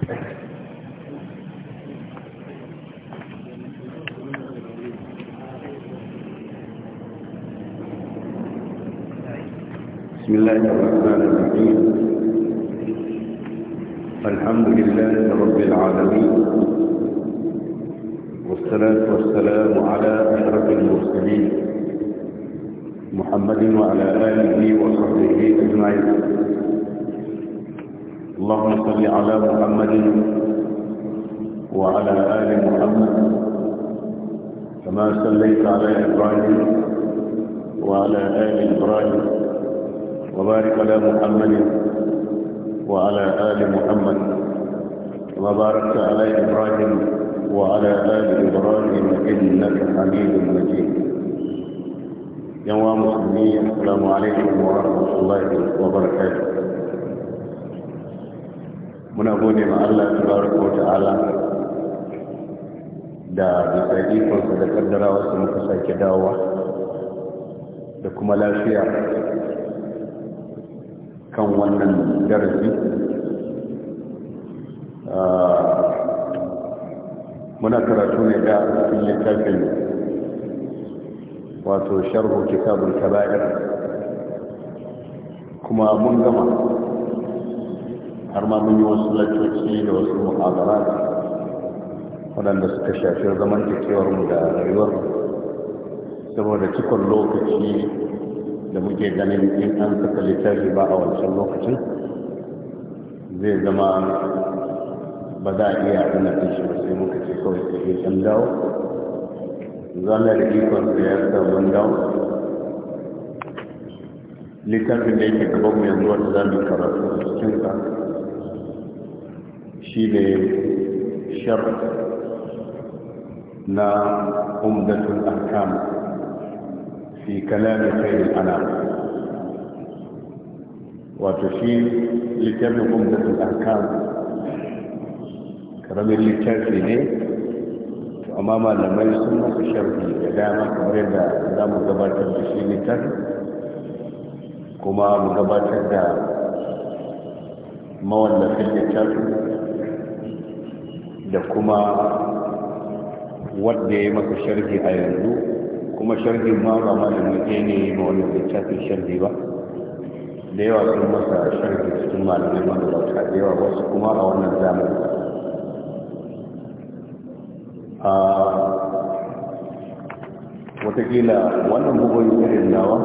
بسم الله الرحمن الرحيم الحمد لله رب العالمين والصلاة والسلام على أشرف المرسلين محمد وعلى آله وصحبه أجمعين اللهم صل على محمد وعلى آل محمد كما صليت على إبراهيم وعلى آل إبراهيم وبارك على محمد وعلى آل محمد كما باركت على إبراهيم وعلى آل إبراهيم إنك حميد مجيد يا مسلمين السلام عليكم ورحمة الله وبركاته muna gode ma Allah tabaraka wa ta'ala da bisa ikonsa da kaddarawa su muka sake dawowa da kuma lafiya kan wannan darasi ah, muna karatu ne da cikin littafin wato sharhu kitabul kaba'ir kuma mun gama har ma mun yi wasu laccoci da wasu muhabara waɗanda suka shafi zaman mu da rayuwar saboda cikon lokaci da muke ganin in an saka littafi ba a wancan lokacin zai zama ba za a iya ana shi ba sai muka ce kawai sai can dawo zana da ikon da ya sa mun dawo littafin da yake gaban mu yanzu wanda za mu karatu a cikinsa shi ne shar na umdatun arkam fi kalami khairul ana wato shi littafin umdatun arkam karamin littafi ne amma malamai sun masu sharfi da dama kamar yadda za mu gabatar da shi littafi kuma mu gabatar da mawallafin littafi da kuma wadda ya maka sharhi a yanzu kuma sharhi ma ba da mace ne ma wannan littafin sharhi ba da yawa sun masa sharhi cikin malamai ma da yawa wasu kuma a wannan zamani a watakila wannan bugun irin nawa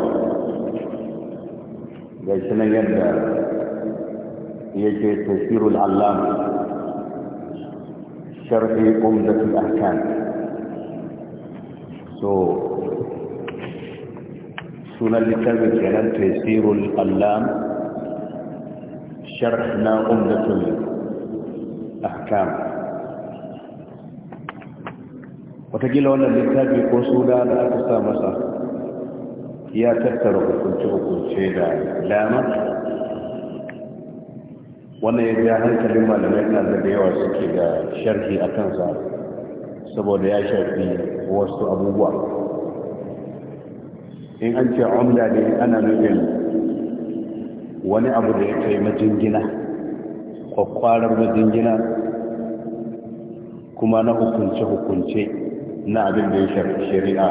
ga shi nan yadda yake tafsirul allama sharhi umdatul ahkam so sunan littafin kenan tasirul allam sharh na umdatul ahkam watakila wannan littafi ko suna da aka sa masa ya tattara hukunce-hukunce da dama. wannan ya biya hankalin malamai na da yawa suke da sharhi a kansa saboda ya shafi wasu abubuwa in an ce umla ne ana nufin wani abu da ya kai majingina kwakwarar majingina kuma na hukunce-hukunce na abin da ya shafi shari'a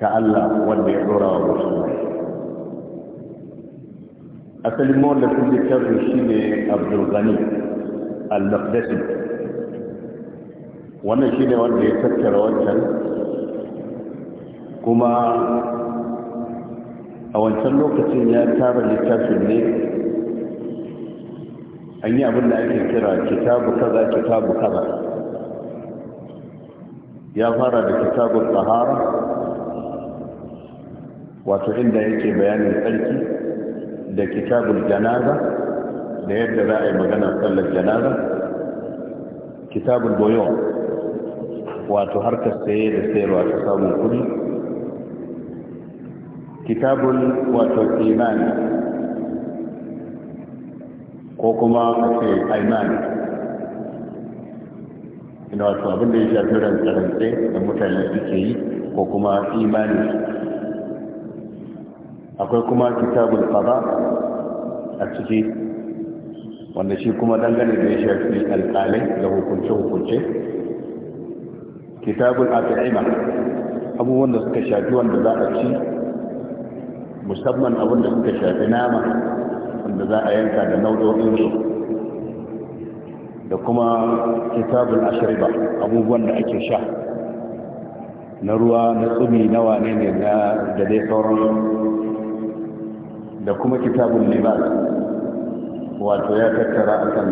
ta Allah wanda ya dora wa musulmai أصل مول لكل كرب الشيل عبد الغني المقدسي وانا شيل وانا يتذكر وانشان كما أول سنو كتن يا تابا لكاسم لي أن ابن لك الكرة كتاب كذا كتاب كذا يا فارا بكتاب الطهارة وتعند يجي بيان الفلكي da kitabul janaza da yadda za a yi magana sallar janaza kitabul boyon wato harkar saye da sayarwa ta samun kudi kitabul wato imani ko kuma a imani ina wato abinda ya shafi rantsarantse da mutane suke yi ko kuma imani akwai kuma kitabul qada a ciki wanda shi kuma dangane da ya shafi alƙalai da hukunce-hukunce kitabul at'ima abubuwan da suka shafi wanda za a ci musamman abin da suka shafi nama wanda za a yanka da nau'o'in su da kuma kitabul ashriba abubuwan da ake sha na ruwa na tsumi na wane ne na da dai sauran da kuma kitabun libas wato ya tattara akan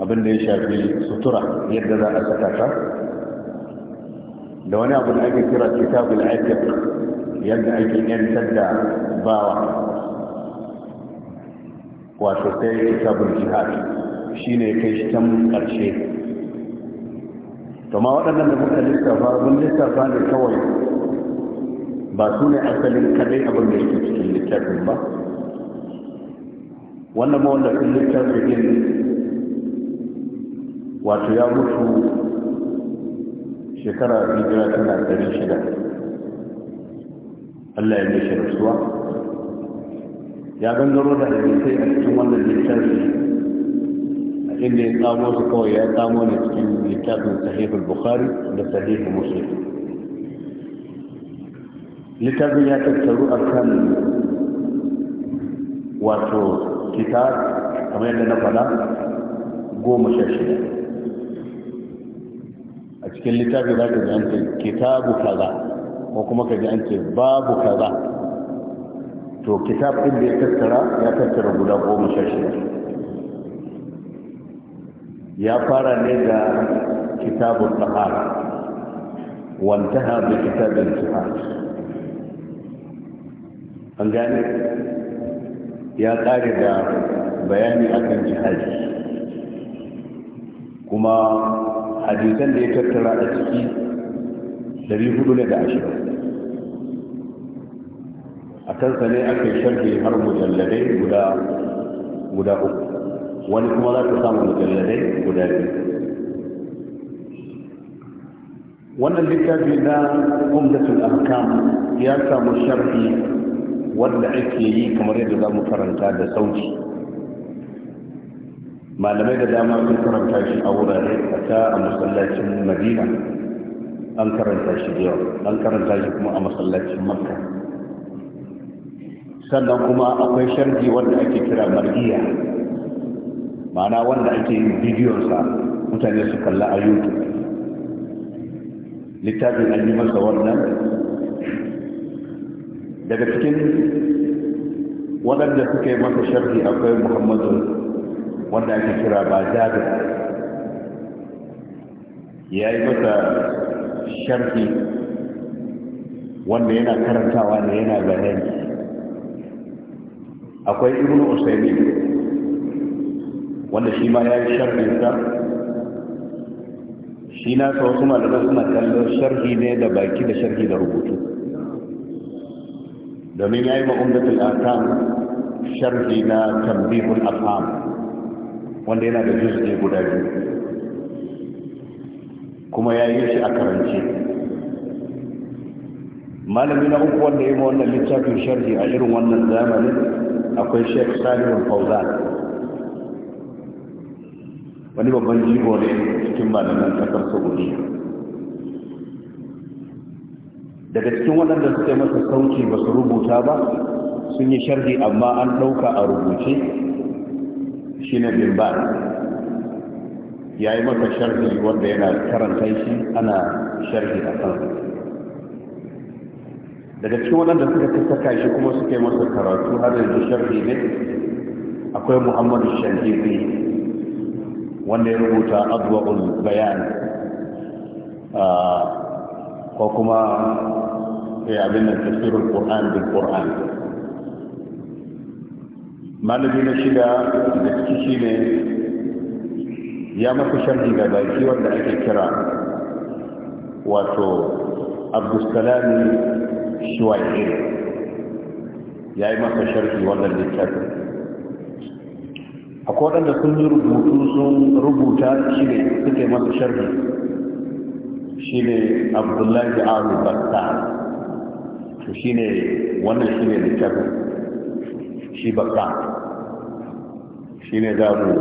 abin da ya shafi sutura yadda za a saka ta da wani abu da ake kira kitabun aikin yadda ake yantar da bawa wato sai kitabun Jihar shi ne kai shi can ƙarshe kama waɗannan da muka lissafa mun lissafa ne kawai ba su ne asalin kadai abin da yake cikin littafin ba wannan wanda mawallafin littafin din wato ya mutu shekara hijira tana ɗari shida allah ya mishi rasuwa ya gangaro da hadisai a cikin wannan littafin a inda ya tsamo su kawai ya tsamo ne cikin littafin sahihul bukhari da sahihul muslim littafin ya tattaru a kan wato kitab kamar yadda na faɗa goma sha shida a cikin littafi za ka ji an ce kitabu kaza ko kuma ka ji an ce babu kaza to kitab ɗin ya tattara ya tattara guda goma sha shida ya fara ne da kitabun tahara wantaha bi kitabin tahara an gane ya kare da bayani akan jihadi kuma hadisan da ya tattara a ciki 420 a kansa ne aka yi sharhi har mujalladai guda guda uku wani kuma za ta samu mujalladai guda biyu wannan littafi na umdatul ahkam ya samu sharhi wanda ake yi kamar yadda za mu karanta da sauki malamai da dama sun karanta shi a wurare a ta a masallacin madina an karanta shi da yawa an karanta shi kuma a masallacin makka sannan kuma akwai sharhi wanda ake kira margiya ma'ana wanda ake yin bidiyonsa mutane su kalla a youtube littafin an yi masa wannan daga cikin waɗanda suka yi masa sharhi akwai muhammadu wanda ake kira ba jabir ya yi masa sharhi wanda yana karantawa ne yana bayani akwai ibn usaimi wanda shi ma ya yi sa shi na sa wasu malaman suna kallon sharhi ne da baki da sharhi da rubutu domin ya yi ma'umdatul arkan sharhi na tambihul afham wanda yana da ne guda biyu kuma ya yi shi a karance malami na uku wanda ya yi wannan littafin sharhi a irin wannan zamanin akwai sheikh salihun fauzan wani babban jigo ne cikin malaman kasar saudiya daga cikin waɗanda suka masa sauki ba su rubuta ba sun yi sharhi amma an ɗauka a rubuce shi na bimban ya yi masa sharhi wanda yana karanta shi ana sharhi a kan daga cikin waɗanda suka saka shi kuma suka yi masa karatu har yanzu sharhi ne akwai muhammadu shahibi wanda ya rubuta adwa'ul bayan ah, ko kuma ya abinda ta tafsirul qur'an da qur'an malami na shiga da ciki shi ne ya mafi sharhi ga baki wanda ake kira wato abdussalami shiwaye ya yi mafi sharhi wannan littafin akwai waɗanda sun yi rubutu sun rubuta shi ne suke mafi sharhi shi ne abdullahi abu battar to ne wannan shine littafin shi bakka ne za mu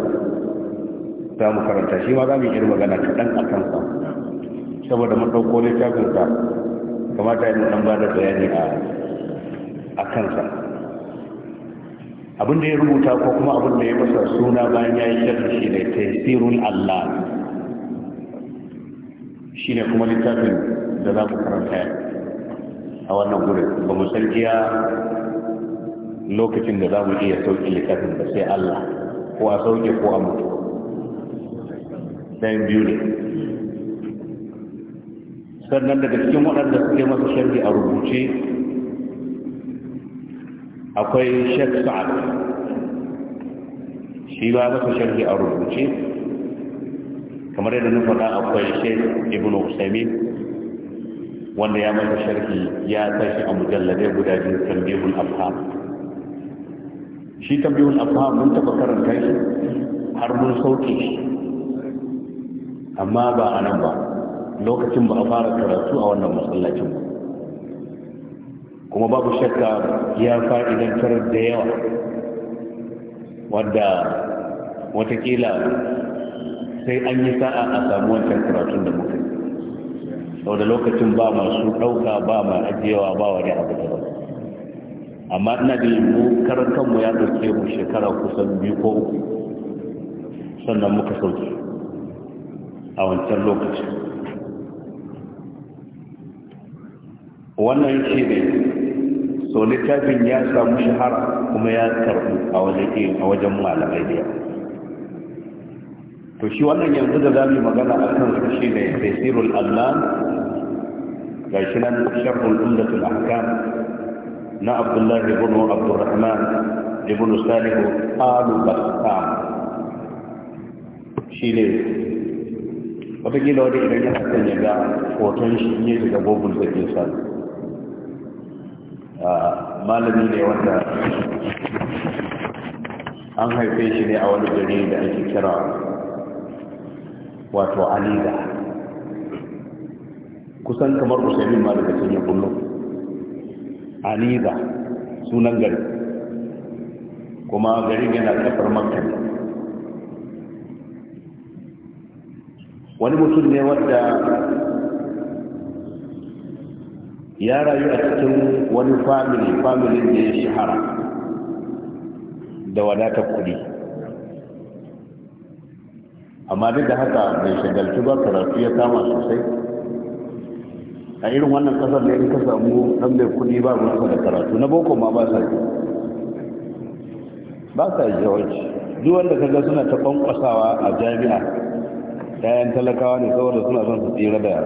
za mu karanta shi ma za mu yi magana kaɗan a kansa saboda mun ɗauko littafinsa kamata yi ɗan ba da bayani a kansa abin da ya rubuta ko kuma abin da ya masa suna bayan ya yi shirin shi ne taisirul allah shi ne kuma littafin da za mu karanta yi. a wannan gurin ba mu san iya lokacin da za mu iya sauƙi littafin ba sai Allah ko a sauƙi ko a mutu ɗayan biyu ne sannan daga cikin waɗanda suke masa sharhi a rubuce akwai shek sa'ad shi ba masa sharhi a rubuce kamar yadda na faɗa akwai shek ibn usaimin wanda ya masa sharhi ya tashi a mujalladai guda biyu tambihul afham shi tambihul afham mun taba karanta shi har mun sauke shi amma ba a nan ba lokacin ba a fara karatu a wannan masallacin ba kuma babu shakka ya fa'idantar da yawa wadda watakila sai an yi sa'a a samu wancan karatun da muka sau da lokacin ba masu ɗauka ba ma ajiyewa ba wani abu da ba amma ina da mu karantanmu ya ɗauke mu shekara kusan biyu ko uku sannan muka sauki a wancan lokacin wannan shi ne sau littafin ya samu shahara kuma ya karɓu a wajen eh, malamai da to shi wannan yanzu da za mu magana a kan shi ne tasirul allah ga shi nan sharhul umdatul ahkam na Abdullahi, ibn abdurrahman ibn salih al-bastam shine wata kila wani idan ya kan ya ga hoton shi ne daga google da ke sa malami ne wanda an haife shi ne a wani gari da ake kira wato alida kusan kamar usaimin ma daga cikin kullum aniza sunan gari kuma gari yana kafar makka wani mutum ne wadda ya rayu a cikin wani family family ne shahara da wadata kudi amma duk da haka mai shagaltu ba karatu ya kama sosai a irin wannan kasar da in ka samu dan bai kudi ba ruwa da karatu na boko ma ba sa yi ba sa yi duk wanda ka suna ta kwankwasawa a jami'a yayan talakawa ne saboda suna son su tsira da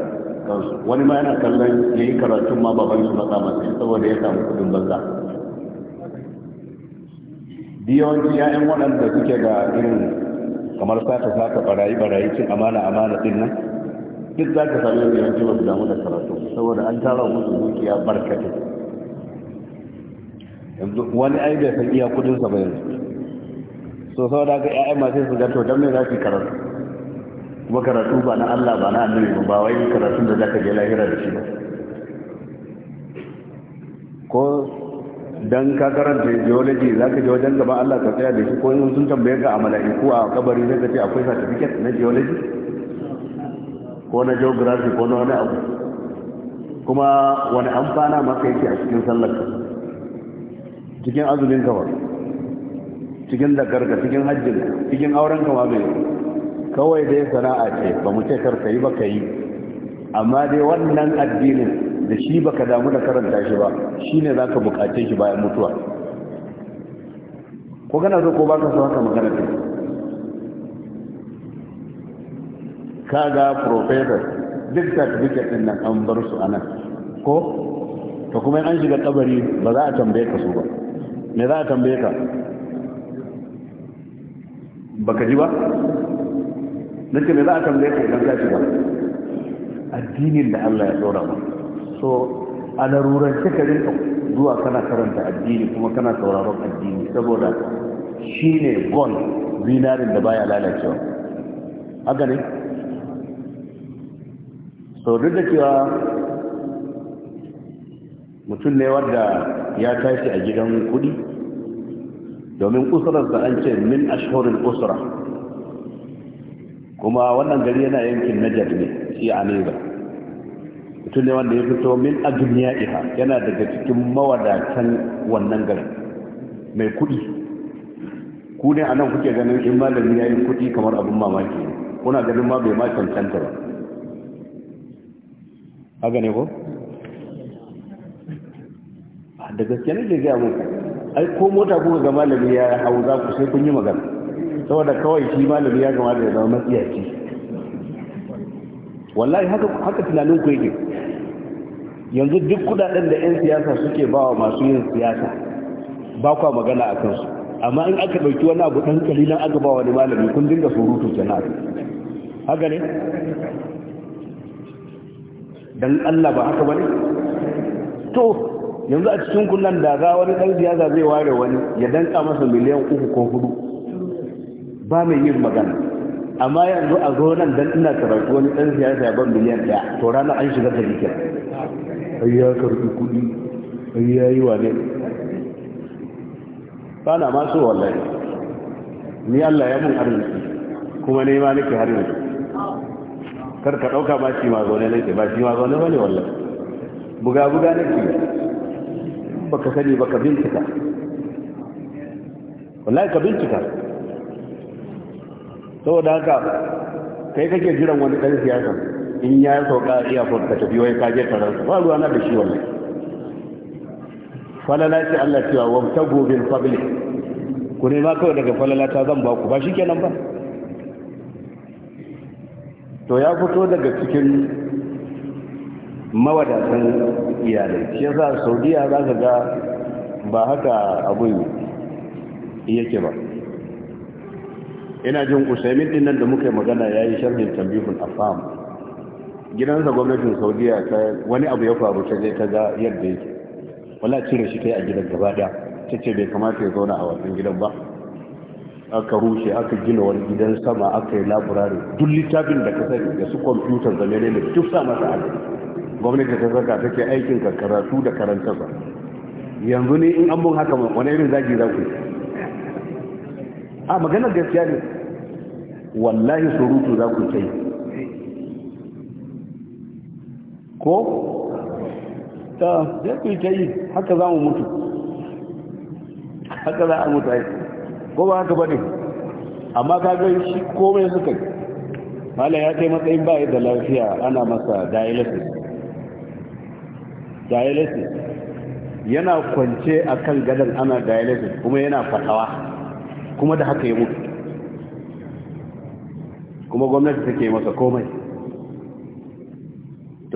kansu wani ma yana kallon ya yi karatun ma baban su matsa masu saboda ya samu kudin banza yawanci ya'yan waɗanda suke da irin kamar sata sata barayi barayi cin amana amana din nan duk za ka sami da yanci ba damu da karatu saboda an tara musu dukiya barkatu wani ai bai san iya kudin ba yanzu so saboda ga ƴaƴan masu su gato to dan me za su karatu kuma karatu ba na Allah ba na annabi ba ba wai karatun da zaka je lahira da shi ba ko dan ka karanta geology zaka je wajen gaban Allah ka tsaya da shi ko in sun tambaye ka a mala'iku a kabari ka ce akwai certificate na geology ko na geography ko na wani abu kuma wani amfana maka yake a cikin sallarka cikin azumin ka cikin cikin zakarka cikin hajjin cikin auren ka ma kawai dai sana'a ce ba mu ce kar yi ba ka yi amma dai wannan addinin da shi ba ka damu da karanta shi ba shine ka bukace shi bayan mutuwa ko gana so ko ba ka so haka magana ta kaga profesor duk certificate din nan an bar su anan ko to kuma an shiga kabari ba za a tambaye ka su ba me za a tambaye ka baka ji ba nake me za a tambaye ka idan ka shiga addinin da Allah ya dora mu so a laruran ka zuwa kana karanta addini kuma kana sauraron addini saboda shine gon zinarin da baya lalacewa haka ne sau duk da cewa mutum ne wadda ya tashi a gidan kudi domin kusurarsa an ce min ashorin kusura kuma wannan gari yana yankin najar ne shi a neza mutum ne wanda ya fito min a duniya iha yana daga cikin mawadatan wannan gari. mai kudi ku ne a nan kuke ganin in malami ya yi kudi kamar abin mamaki kuna ganin ma bai ma cancanta ba a gane ko ah, da gaske nake zai abu ai ko mota kuka ga malami ya hau za ku sai kun yi magana saboda kawai shi malami ya gama da ya zama matsiyaci wallahi haka haka tunanin ku yake yanzu duk kudaden da yan siyasa suke bawa masu yin siyasa ba kwa magana a kansu amma in aka dauki wani abu dan kalilan aka ba wani malami kun dinga surutu kenan haka ne dan Allah ba haka bane to yanzu a cikin kunnan da za wani dan siyasa zai ware wani ya danka masa miliyan uku ko hudu ba mai yin magana amma yanzu a zo nan dan ina karatu wani dan siyasa ya ban miliyan daya to rana an shiga ta jikin ai ya karbi kudi ai ya yi wa ne ba na ma so wallahi ni Allah ya mun arziki kuma ne ma nake har yanzu kar ka ɗauka ba shi ma zaune nake ba shi ma zaune ba ne wallan buga-buga ne ba ka sani ba ka bincika wallahi ka bincika saboda haka kai kake jiran wani ɗan siyasa in ya sauka iya fuka tafi wai kaje taron ba ruwa na da shi wannan falala ce Allah cewa wamtagu bil fadli ku ne ma kawai daga falala ta zan ba ku ba kenan ba to ya fito daga cikin mawadatan iyalai shi yasa saudiya za ka ga ba haka abin yake ba ina jin usaimin din nan da muka yi magana ya yi sharhin tambihun afam gidansa gwamnatin saudiya ta wani abu ya faru ta je ta ga yadda yake wala cire shi ta yi a gidan gaba ta ce bai kamata ya zauna a wasan gidan ba aka rushe aka gina wani gidan sama aka yi laburare duk littafin da ka sani da su kwamfutar zame ne duk sama ta hannu gwamnati ta saka take aikin ka karatu da karanta ba yanzu ne in an mun haka wani irin zagi za ku a maganar gaskiya ne wallahi surutu za ku kai ko ta zai ku yi haka za mu mutu haka za a mutu aiki ko ba haka bane amma ka ga shi komai suka mala ya kai matsayin ba da lafiya ana masa dialysis dialysis yana kwance a kan gadon ana dialysis kuma yana fatawa kuma da haka ya mutu kuma gwamnati take masa komai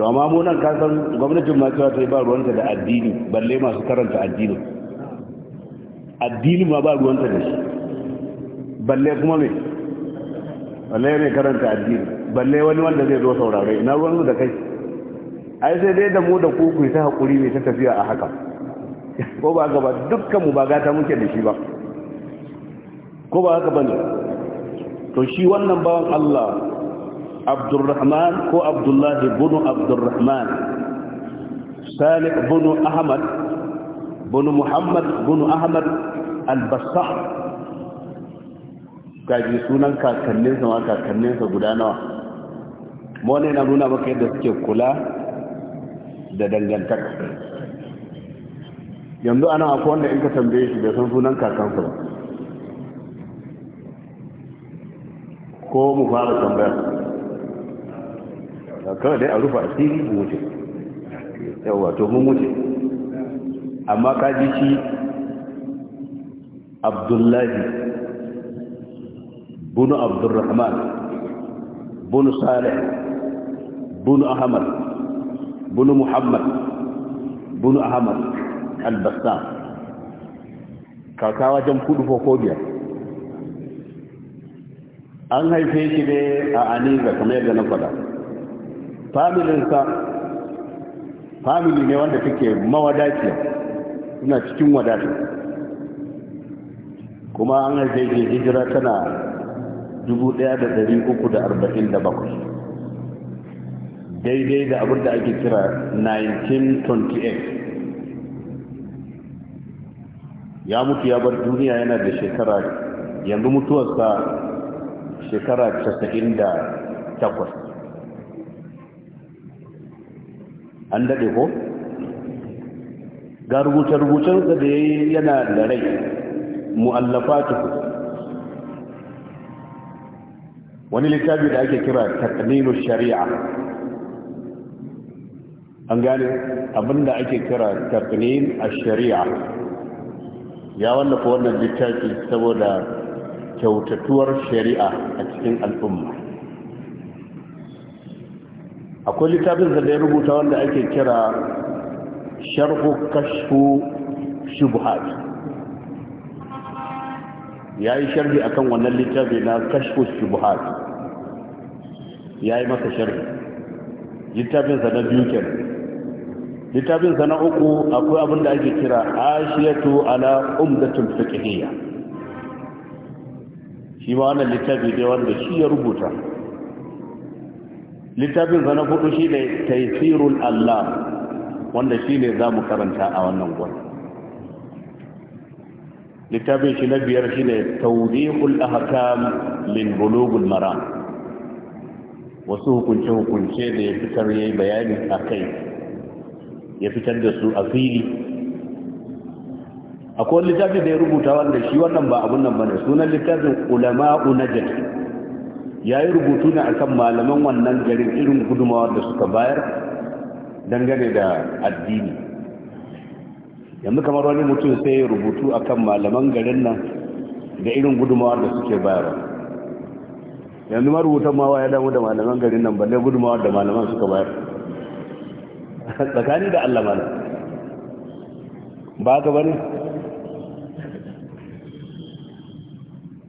to amma munan nan kasan gwamnatin masu wata ta yi ba ruwanta da addini balle masu karanta addini addini ma ba ruwanta da shi balle kuma mai balle mai karanta addini balle wani wanda zai zo saurare na ruwan da kai ai sai dai da mu da ku ku ta hakuri ne ta tafiya a haka ko ba gaba dukkan mu ba gata muke da shi ba ko ba haka bane to shi wannan bawan Allah Abdurrahman ko Abdullah ibn Abdurrahman Salih ibn Ahmad Bunu muhammad bin ahmad albasa gaji sunan kakanninsa ma kakanninsa guda nawa wani na nuna maka yadda suke kula da dangantaka yanzu ana akwai wanda in ka tambaye shi bai san sunan kakansa ba ko mu fara tambaya kawai dai a rufa asiri mu wuce yawa to mu wuce amma ka ji shi abdullahi bunu abdurrahman bunu salih bunu ahmad bunu muhammad bunu ahmad albassan kaka wajen kudu ko biyar an haife shi ne a aniza kamar yadda na faɗa familinsa famili ne wanda take mawadaciya suna cikin wadata kuma an haife hijira tana 1347 daidai da abin da ake kira 1928 ya mutu ya bar duniya yana da shekara yanzu mutuwarsa shekara 98 an daɗe ko? ga rubuce-rubucensa da ya yi yana da rai mu'allafatu wani littafi da ake kira takmilu shari'a an gane abinda ake kira takmil a shari'a ya wallafa wannan littafi saboda kyautatuwar shari'a a cikin al'umma akwai littafin da ya rubuta wanda ake kira sharhu kashfu shubhat ya yi sharhi akan wannan littafi na kashfu shubhat ya yi masa sharhi littafinsa na biyu kenan littafinsa na uku akwai abin da ake kira ashiyatu ala umdatul fiqhiyya shi ma wannan littafi dai wanda shi ya rubuta littafinsa na hudu shi ne taysirul allah wanda shi ne za mu karanta a wannan gwani littafin shi na biyar shi ne taurihul ahkam min bulugul maram wasu hukunce-hukunce da ya fitar ya yi bayani a kai ya fitar da su a fili akwai littafin da ya rubuta wanda shi wannan ba abun nan ba ne sunan littafin ulama'u najat ya yi rubutu ne akan malaman wannan garin irin gudumawar da suka bayar dangane da addini yanzu kamar wani mutum sai rubutu a kan malaman garin nan da irin gudunmawar da suke bayarwa yanzu marubutan mawa ya damu da malaman garin nan balle gudunmawar da malaman suka bayar tsakani da allah malam ba ka bane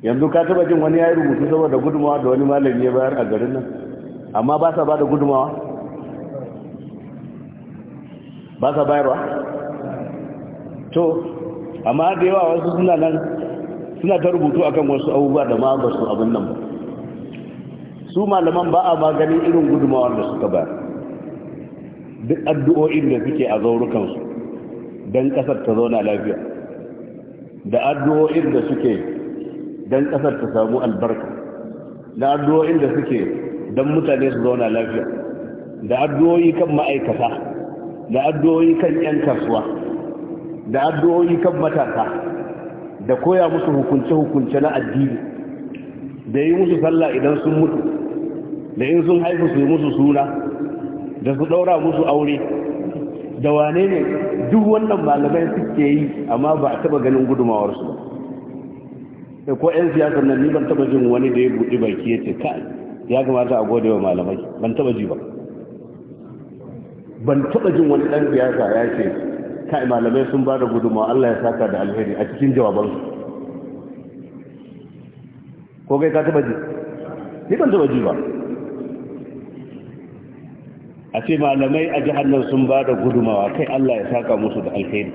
yanzu ka taba jin wani ya yi rubutu saboda gudunmawa da wani malami ya bayar a garin nan amma ba sa ba da gudunmawa ba sa bayarwa to amma da yawa wasu suna nan suna ta rubutu akan wasu abubuwa da ma ba su abin nan ba su malaman ba a maganin irin gudumawar da suka bayar duk addu'o'in da suke a zaurukansu don kasar ta zauna lafiya da addu'o'in da suke don kasar ta samu albarka da addu'o'in da suke don mutane su zauna lafiya da addu'o'i kan ma'aikata da addu'o'i kan 'yan kasuwa da addu'o'i kan matasa da koya musu hukunce-hukunce na addini da yi musu sallah idan sun mutu da in sun haifu su yi musu suna da su ɗaura musu aure da wane ne duk wannan malamai suke yi amma ba a taɓa ganin gudumawarsu ba Da ko 'yan siyasar nan ni ban taɓa jin wani da ya buɗi baki ya ce kai ya kamata a gode wa malamai ban taɓa ji ba ban taɓa jin wani ɗan siyasa ya ce kai malamai sun ba da guduma Allah ya saka da alheri a cikin jawabansu ko kai ka taɓa ji ni ban taɓa ji ba a ce malamai a jihar nan sun ba da gudumawa kai Allah ya saka musu da alheri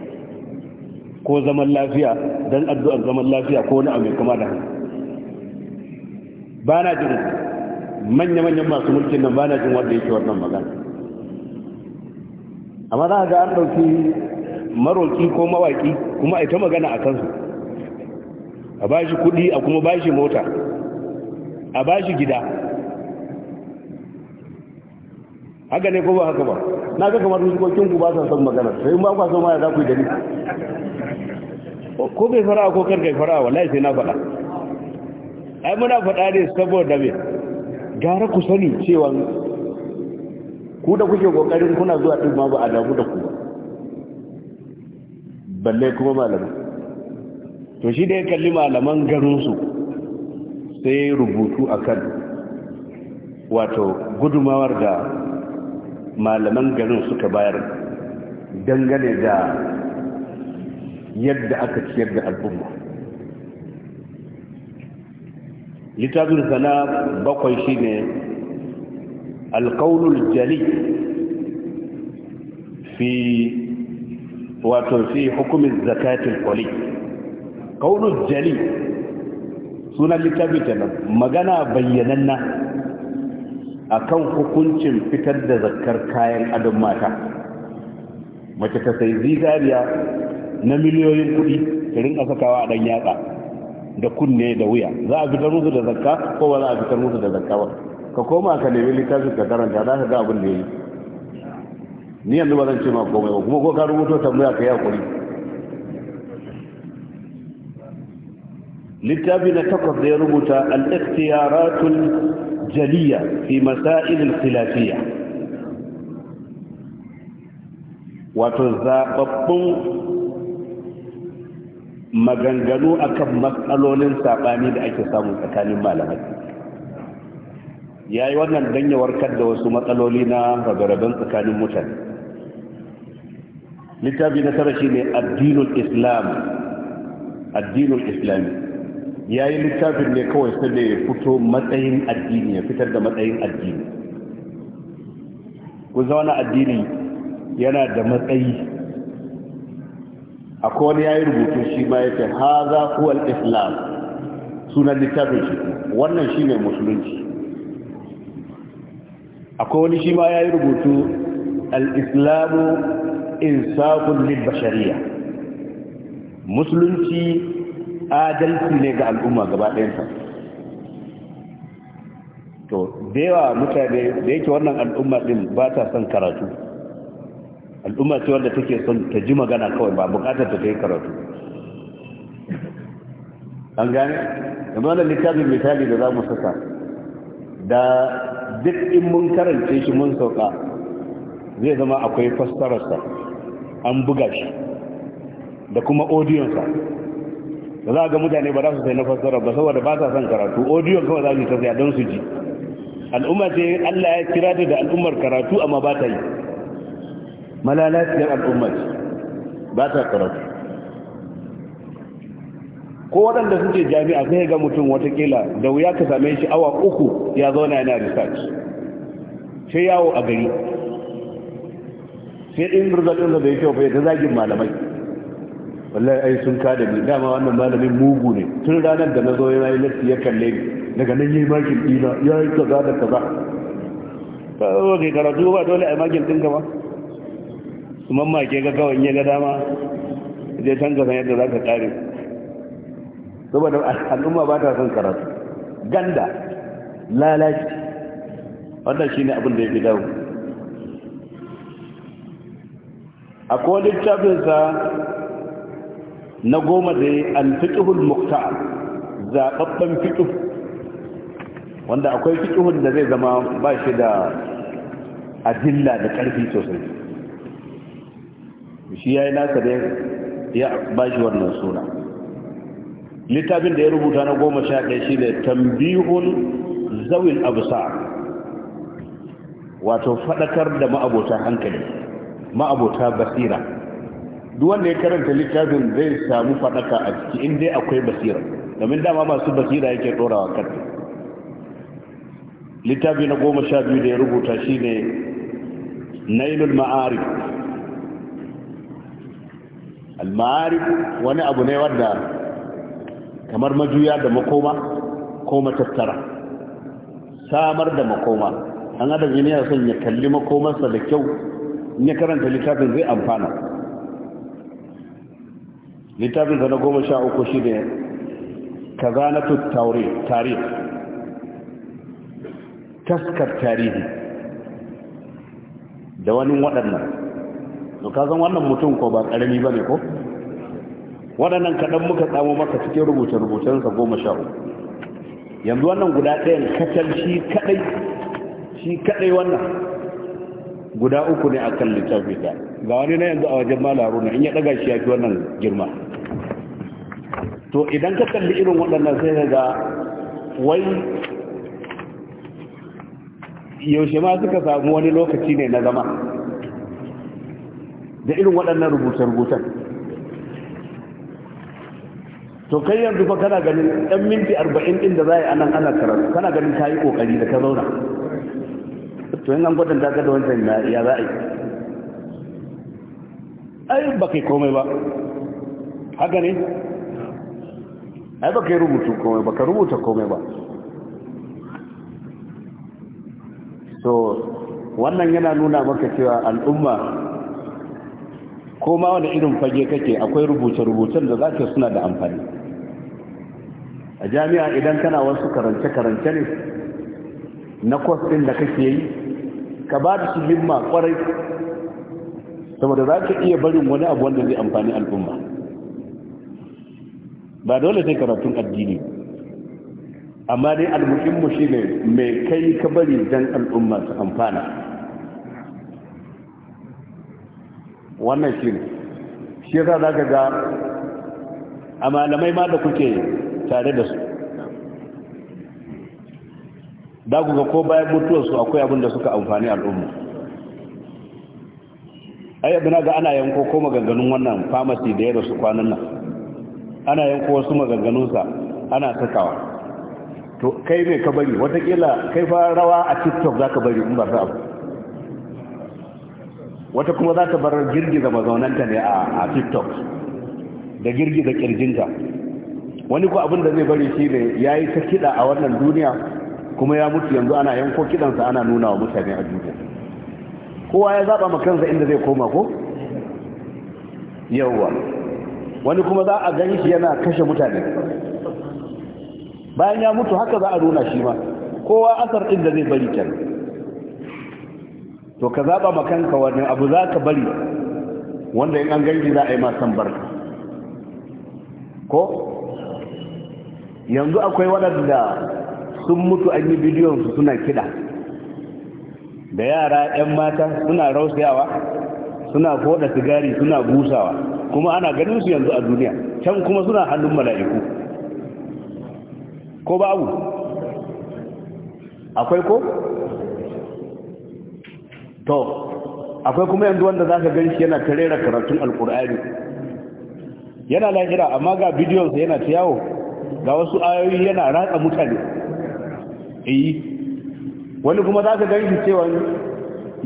ko zaman lafiya don addu'an zaman lafiya ko wani abu kuma da hannu ba na jin manya-manyan masu mulkin nan ba na jin wanda yake wannan magana amma za a ga an ɗauki maroki ko mawaƙi kuma a ta magana a kansu a ba shi kuɗi a kuma ba shi mota a ba shi gida haka ne ko ba haka ba na ga kamar rukokin ku ba sa son magana sai ba kwa son ma ya za ku yi dani ko bai fara ko karkai fara wallahi sai na faɗa ai muna faɗa ne saboda me gara ku sani cewa ku da kuke kokarin kuna zuwa din ma ba a damu da ku balle kuma malamai. to shi da ya kalli malaman garinsu sai rubutu akan wato gudumawar da malaman garin suka bayar dangane da yadda aka ciyar da al'umma littafin sana bakwai shine القول الجلي في وفي حكم الزكاة القلي قول الجلي سنة magana bayyananna a kan hukuncin fitar da zakkar kayan adon mata mace ta sai zinariya na miliyoyin kuɗi ta rinka sakawa a ɗan yatsa da kunne da wuya za a fitar musu da zakka ko ba za a fitar musu da zakka ka koma ka nemi littafin ka karanta za ka ga abin da ya yi ni yanzu ba zan ce ma komai ba kuma ko ka rubuto tambaya ka ya kuri littafi na takwas da ya rubuta al-ikhtiyaratul jaliya fi masail al-khilafiyya wato zababbun maganganu akan matsalolin sabani da ake samu tsakanin malamai ya yi wannan don ya warkar da wasu matsaloli na rabe-raben tsakanin mutane littafi na tara shi ne addinul islam addinul islami ya yi littafin ne kawai sai ya fito matsayin addini ya fitar da matsayin addini Ku zama addini yana da matsayi A kowane ya yi rubutu shi ma ya ce haza kuwal islam sunan littafin shi wannan shi ne musulunci akwai wani shi ma ya yi rubutu al'islamu sakun lil bashariya musulunci adalci ne ga al'umma gaba ɗayansa to da yawa mutane da yake wannan al'umma ɗin ba ta son karatu al'umma ce wanda take son ta ji magana kawai ba bukatar ta yi karatu an gane yanzu wannan littafin misali da za mu saka da duk in mun karance shi mun sauka zai zama akwai fassararsa an buga shi da kuma odiyonsa da za ga mutane ba za su sai na fassarar ba saboda ba sa son karatu odiyon kawai za su ta saya don su ji al'umma ce allah ya kira da al'ummar karatu amma ba ta yi malalaciyar al'ummar ba ta karatu ko waɗanda suke jami'a sai ga mutum watakila da wuya ka same shi awa uku ya zauna yana research sai yawo a gari sai in rizalin da ya kyau bai ta zagin malamai wallahi ai sun da ni dama wannan malamin mugu ne tun ranar da na zo yana yi latti ya kalle ni daga nan yayi makin dina ya yi kaza da kaza ba ke karatu ba dole a makin din gaba su ke ga kawai ya ga dama je canza san yadda za ka kare saboda al'umma ba ta son karatu ganda lalaci wannan shi ne abin da ya fi dawo a kowane littafinsa na goma da ya alfiƙihul mukta zaɓaɓɓen fiƙih wanda akwai fiƙihun da zai zama ba shi da adilla da ƙarfi sosai shi ya yi nasa da ya ba shi wannan suna littafin da ya rubuta na goma sha ɗaya shi ne tambihun zawin abusa wato faɗakar da ma'abota hankali ma'abota basira duk wanda ya karanta littafin zai samu faɗaka a ciki in dai akwai basira domin dama masu basira yake ɗorawa karfi littafi na goma sha biyu da ya rubuta shi ne nailul Ma'ari. al maari wani abu ne wanda kamar majuya da makoma ko matattara samar da makoma an adam ya son ya kalli makomarsa da kyau in ya karanta littafin zai amfana littafin na goma sha uku shi da kazanatu tarih taskar tarihi da wani waɗannan to kazan wannan mutum ko ba ƙarami ba ne ko waɗannan kaɗan muka tsamo maka cikin rubuce-rubucensa goma sha uku yanzu wannan guda ɗayan kacal shi kaɗai shi kaɗai wannan guda uku ne a kan littafi ta ga wani na yanzu a wajen malaru na in ya ɗaga shi ya fi wannan girma to idan ka kalli irin waɗannan sai ka ga wai yaushe ma suka samu wani lokaci ne na zama da irin waɗannan rubuce-rubucen to kai yanzu fa kana ganin ɗan minti arba'in ɗin da za a nan ana karatu kana ganin ta yi ƙoƙari da ka zauna to yin an gwada daga da wancan ya za a yi ai ba kai komai ba haka ne ai ba kai rubutu komai ba ka rubuta komai ba so wannan yana nuna maka cewa al'umma ko ma wani irin fage kake akwai rubuce-rubucen da za suna da amfani a jami'a idan kana wasu karance-karance ne na kwas ɗin da kake yi ka ba da su himma kwarai saboda za ka iya barin wani abu wanda zai amfani al'umma ba dole sai karatun addini amma dai almuhimmu shi ne mai kai ka bari don al'umma su amfana wannan shi ne shi yasa za ka ga a malamai ma da kuke tare da su da ku ga ko bayan mutuwarsu akwai abin da suka amfani al'umma ai abin ga ana yanko ko maganganun wannan famasi da ya rasu kwanan nan ana yanko wasu maganganunsa ana sakawa to kai mai ka bari watakila kai fa rawa a tiktok za ka bari in ba za abu wata kuma za ta bar girgiza mazaunanta ne a tiktok da girgiza kirjinta wani ko abin da zai bari shi ne ya yi ta kiɗa a wannan duniya kuma ya mutu yanzu ana yanko kiɗansa ana nuna wa mutane a duniya kowa ya zaɓa ma kansa inda zai koma ko yawwa wani kuma za a gani shi yana kashe mutane bayan ya mutu haka za a nuna shi ma kowa asar inda da zai bari kenan to ka zaɓa ma kanka wani abu za ka bari wanda in an gani za a yi ma san barka ko yanzu akwai waɗanda sun mutu an yi bidiyonsu suna kiɗa da yara 'yan mata suna rausayawa suna koda sigari suna busawa kuma ana ganin su yanzu a duniya can kuma suna hannun mala'iku ko babu akwai ko? to akwai kuma yanzu wanda za ka gan shi yana da karatun alkur'ani yana lahira amma ga bidiyonsa yana ta yawo ga wasu ayoyi yana ratsa mutane eh wani kuma za ka gani cewa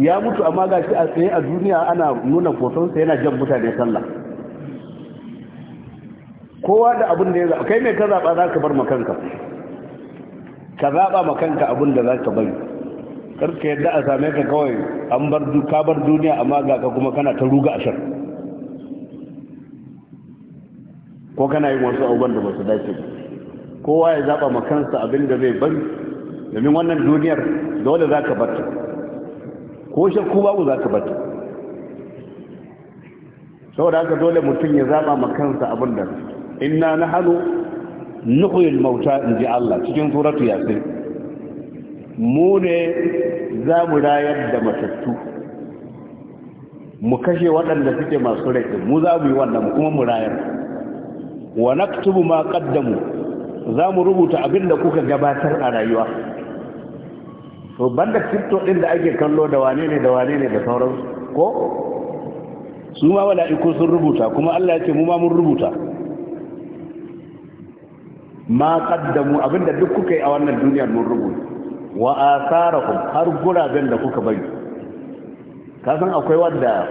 ya mutu amma ga shi a tsaye a duniya ana nuna fotonsa yana jan mutane sallah kowa da abin da ya zaɓa kai mai ka zaɓa za ka bar makanka ka zaɓa makanka abin da za ka bari karka yadda a same ka kawai an bar duka bar duniya amma ga ka kuma kana ta ruga a shar ko kana yin wasu abubuwan da ba su dace ba kowa ya zaba ma kansa abin da zai bari domin wannan duniyar dole za ka bata ko shakku babu za ka bata saboda haka dole mutum ya zaba ma kansa abin da inna na hannu nuhuyul mauta in ji Allah cikin suratu yasin mu ne za mu rayar da matattu mu kashe waɗanda suke masu rai mu za mu yi wannan kuma mu rayar wa naktubu ma qaddamu za mu rubuta abin da kuka gabatar a rayuwa to banda crypto din da ake kallo da wane ne da wane ne da sauran ko su ma wala iko sun rubuta kuma Allah ya ce mu ma mun rubuta ma qaddamu abinda duk kuka yi a wannan duniya mun rubuta wa asarakum har guraben da kuka bari ka san akwai wanda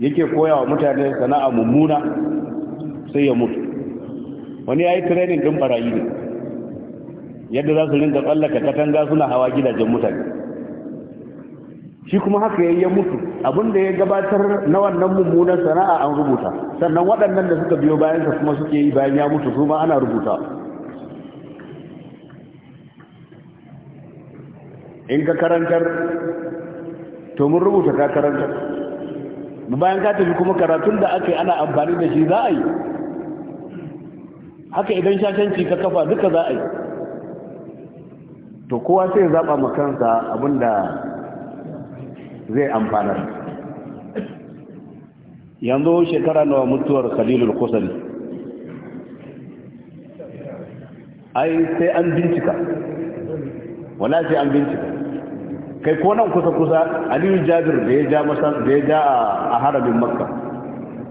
yake koya wa mutane sana'a mummuna sai ya mutu wani ya yi training ɗin barayi ne yadda za su rinka tsallaka katanga suna hawa gidajen mutane shi kuma haka ya mutu abinda ya gabatar na wannan mummunan sana'a an rubuta sannan waɗannan da suka biyo bayansa kuma suke yi bayan ya mutu su ma ana rubuta in ka karantar to mun rubuta ka karantar bayan ka tafi kuma karatun da aka yi ana amfani da shi za a yi haka idan shashanci ka kafa duka za a yi to kowa sai zaɓa makansa abinda zai amfanar yanzu shekara nawa mutuwar khalilul kusuri ai sai an bincika wala sai an bincika kai ko nan kusa-kusa aliyu jabir da ya ja a harabin makka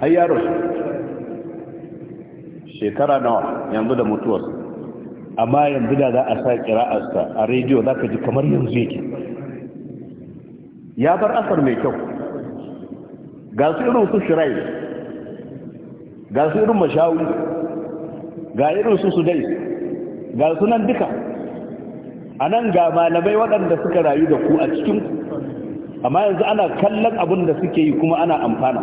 ai yaro shekara nawa yanzu da mutuwar amma yanzu da za a sa kira'arsa a rediyo za ka ji kamar yanzu yake ya bar asar mai kyau ga su irin su shirai ga su irin mashawu ga irin su dai. ga sunan duka a nan ga malamai waɗanda suka rayu da ku a cikin amma yanzu ana kallon abin da suke yi kuma ana amfana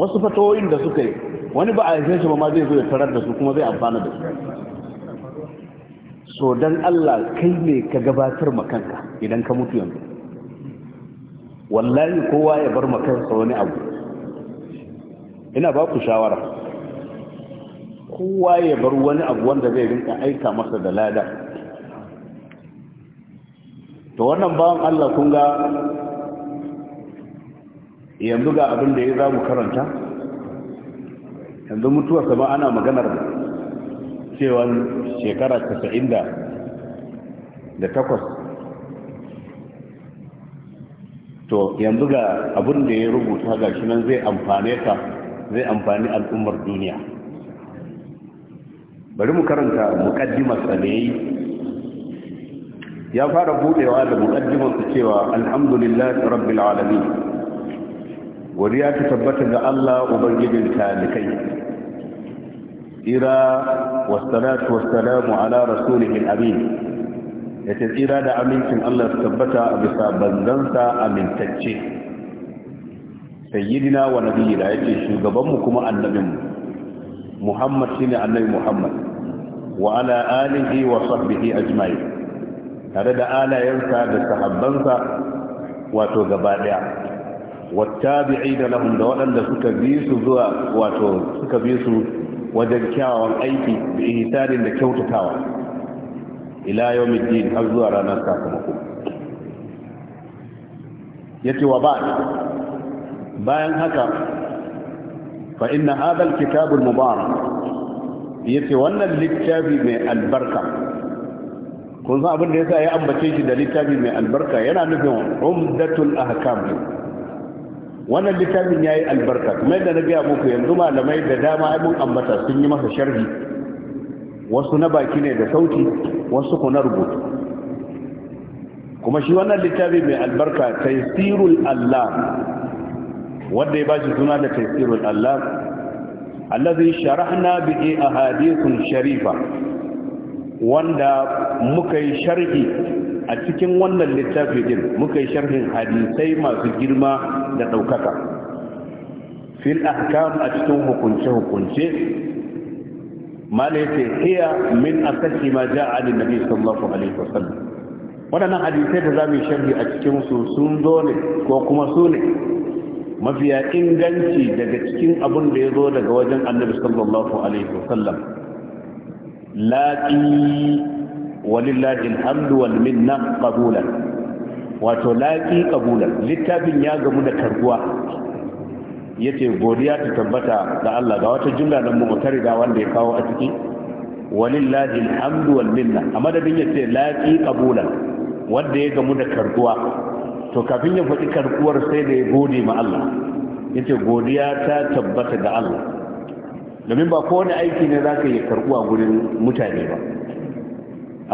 wasu fatawoyin da suka yi wani ba a yi shi ba ma zai zo ya tarar da su kuma zai amfana da su so don Allah kai ne ka gabatar ma kanka idan ka mutu yanzu wallahi kowa ya bar ma wani abu ina ba ku shawara kowa ya bar wani abu wanda zai rinka aika masa da lada to wannan bawan Allah kun ga yanzu ga abin da ya za mu karanta yanzu mutuwar sama ana maganar cewa shekara 98 to yanzu ga abin da ya rubuta ga shi nan zai amfane ta zai amfani al'ummar duniya bari mu karanta muqaddimar sa ya fara buɗewa da muqaddimar cewa alhamdulillah rabbil alamin Wani ya ta tabbata ga Allah ubangijin talikai tsira wassalatu wassalamu ala rasulihil amin ya ce tsira da amincin Allah su tabbata a bisa banzansa amintacce sayyidina wa nabiyina ya ce shugabanmu kuma annabinmu muhammad shine annabi muhammad wa ala alihi wa sahbihi ajma'in tare da alayensa da sahabbansa wato gaba daya wattabi'ina lahum da waɗanda suka bi su zuwa wato suka bi su wajen kyawawan aiki da ihsanin da kyautatawa ila yawmiddin har zuwa ranar sakamako yace wa ba bayan haka fa inna hadha alkitab almubarak yace wannan littafi mai albarka kun san abin da yasa ya ambace shi da littafi mai albarka yana nufin umdatul ahkam wannan littafin ya yi albarka kuma yadda na gaya muku yanzu malamai da dama ai mun ambata sun yi masa sharhi wasu na baki ne da sauti wasu ku na rubutu kuma shi wannan littafin mai albarka taisirul allah wanda ya ba shi suna da taisirul allah allazi sharahna a ahadithun sharifa wanda muka yi sharhi a cikin wannan littafi din muka yi sharhin hadisai masu girma da ɗaukaka fil ahkam a cikin hukunce-hukunce mala yace hiya min asahi ma ja'a an nabi sallallahu alaihi wasallam Waɗannan hadisai da zamu sharhi a cikin su sun zo ne ko kuma su ne mafiya inganci daga cikin abin da ya zo daga wajen annabi sallallahu alaihi wasallam laqi walillahi alhamdu wal minna qabulan wato Laki qabulan littafin ya gamu da karbuwa yace godiya ta tabbata da Allah ga wata jumla nan da wanda ya kawo a ciki walillahi alhamdu wal minna a madadin yace Laki qabulan wanda ya gamu da karbuwa to kafin ya faɗi karbuwar sai da ya gode ma Allah yace godiya ta tabbata ga Allah domin ba kowane aiki ne zaka yi karbuwa gurin mutane ba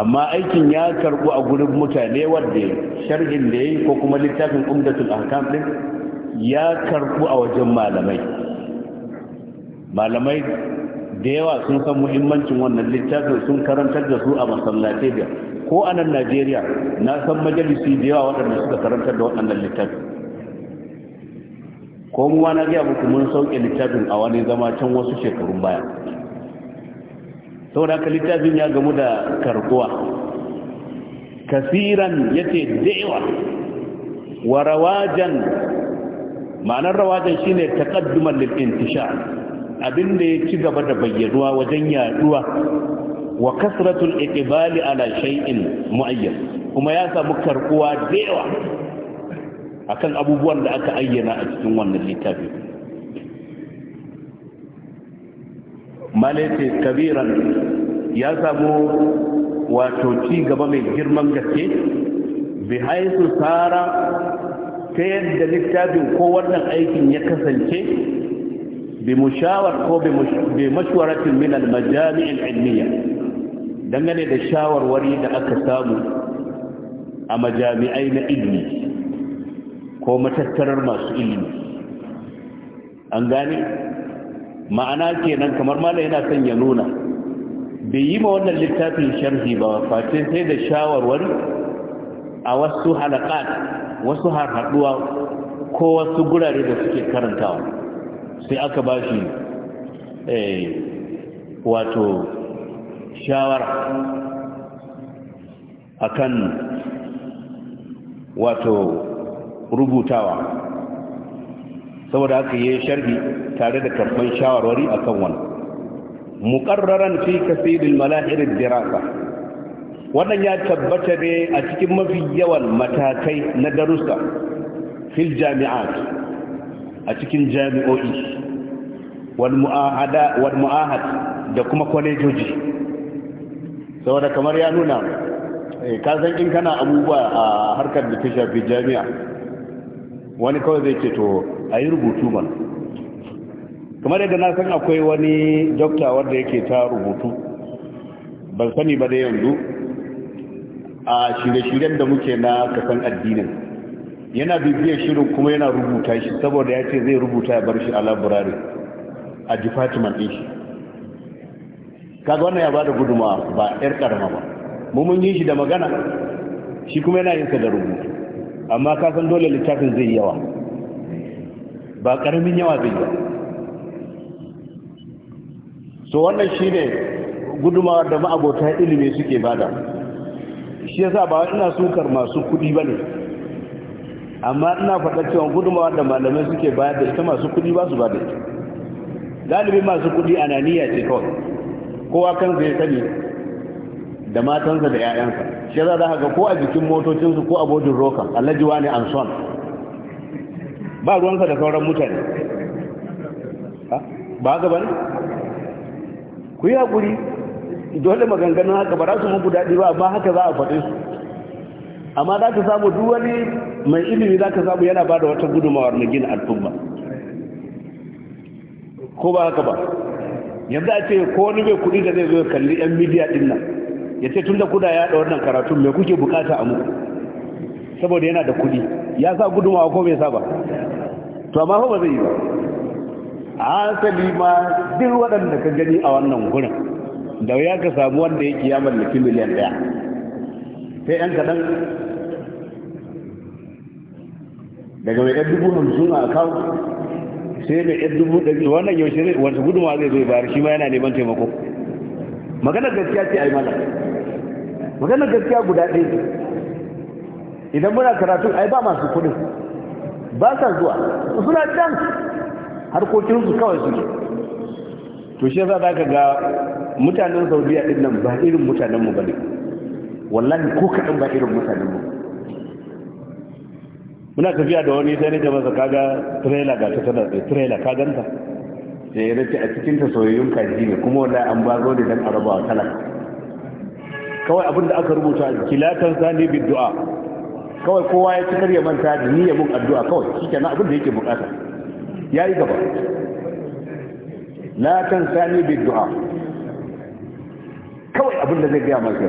amma aikin ya karbu a gurin mutane wanda sharhin da yi ko kuma littafin umdatul ahkam din ya karbu a wajen malamai malamai da yawa sun san muhimmancin wannan littafin sun karantar da su a masallatai da ko a nan najeriya na san majalisi da yawa waɗanda suka karantar da waɗannan littafin ko muwa na gaya muku mun sauke littafin a wani zama can wasu shekarun baya saboda haka littafin ya gamu da karkuwa? kasiran yace da'iwa wa rawajan ma'anar rawajan shine taqadduman lil Abin da ya ci gaba da bayyanuwa wajen yaduwa wa kasratul iqbali ala shay'in muayyan kuma ya samu karkuwa da'iwa akan abubuwan da aka ayyana a cikin wannan littafin malaita kabiran ya samu wato ci gaba mai girman gaske bi haisu tsara ta yadda littafin ko wannan aikin ya kasance bi mushawar ko bi mashwaratin min al-majami'il ilmiya dangane da shawarwari da aka samu a majami'ai na ilmi ko matattarar masu ilmi an gane ma'ana kenan kamar mala yana son ya nuna bai yi ma wannan littafin sharhi ba face sai da shawarwari a wasu halakat wasu harhaduwa ko wasu gurare da suke karantawa sai aka ba shi eh, wato shawara akan wato rubutawa saboda haka yayi sharhi tare da karfan shawarwari akan wannan muqarraran fi kaseeril malahir dirasa wannan ya tabbata ne a cikin mafi yawan matakai na darussa fil jami'at a cikin jami'o'i wal mu'ahada wal mu'ahad da kuma kwalejoji saboda kamar ya nuna eh, ka san in kana abubuwa a harkar da ta shafi jami'a wani kawai zai ce to a yi rubutu ba kamar yadda na san akwai wani dokta wanda yake ta rubutu ban sani ba da yanzu a shirye-shiryen da muke na kasan addinin yana bibiyar shirin kuma yana rubuta shi saboda ya ce zai rubuta ya bar shi a laburare a department ɗin shi kaga wannan ya bada guduma ba yar ƙarama ba mu mun shi da magana shi kuma yana yin sa da rubutu amma kasan dole littafin zai yawa ba ƙaramin yawa zai ba so wannan shi ne gudunmawar da ma'abota ilimin suke bada shi ya sa ba ina sukar masu kuɗi ba ne amma ina faɗa cewa gudunmawar da malamai suke bayar da ita masu kuɗi ba su ba da ita galibin masu kuɗi ananiya ce kawai kowa kan zai sani da matansa da 'ya'yansa shi ya za ka ga ko a jikin motocinsu ko a bodin rokan alhaji wani anson ba ruwanka da sauran mutane ba gaba ne ku yi haƙuri dole maganganun haka ba za su muku daɗi ba amma haka za a faɗi su amma za ka samu duwani mai ilimi za ka samu yana ba da wata gudunmawar na gina al'umma ko ba haka ba yanzu a ce ko wani mai kuɗi da zai zo kalli yan midiya ɗin nan ya ce tun da ya yaɗa wannan karatun mai kuke bukata a muku saboda yana da kuɗi ya sa gudunmawa ko bai sa ba to amma ba zai yi ba asali ma duk waɗanda ka gani a wannan gurin da ya ka samu wanda yake ya mallaki miliyan ɗaya sai yan kaɗan daga mai yan dubu hamsin a kawo sai mai yan dubu ɗari wannan yaushe zai wata guduma zai zai bayar shi ma yana neman taimako maganar gaskiya ce a yi mana maganar gaskiya guda ɗaya idan muna karatu ai ba masu kuɗin ba sa zuwa suna can harkokinsu kawai suke to shi za ka ga mutanen saudiya din nan ba irin mutanen mu bane wallahi ko kaɗan ba irin mutanen mu muna tafiya da wani sai nake masa kaga trailer ga ta tana da trailer ka ganta sai ya ce a cikin ta soyayyun kaji ne kuma wala an zo da dan arabawa talaka kawai abinda aka rubuta kilatan sani bid du'a kawai kowa ya ci ya manta da niyya mun addu'a kawai shi kenan abin da yake bukata ya yi gaba la kan sani bi du'a kawai abin da zai gaya maka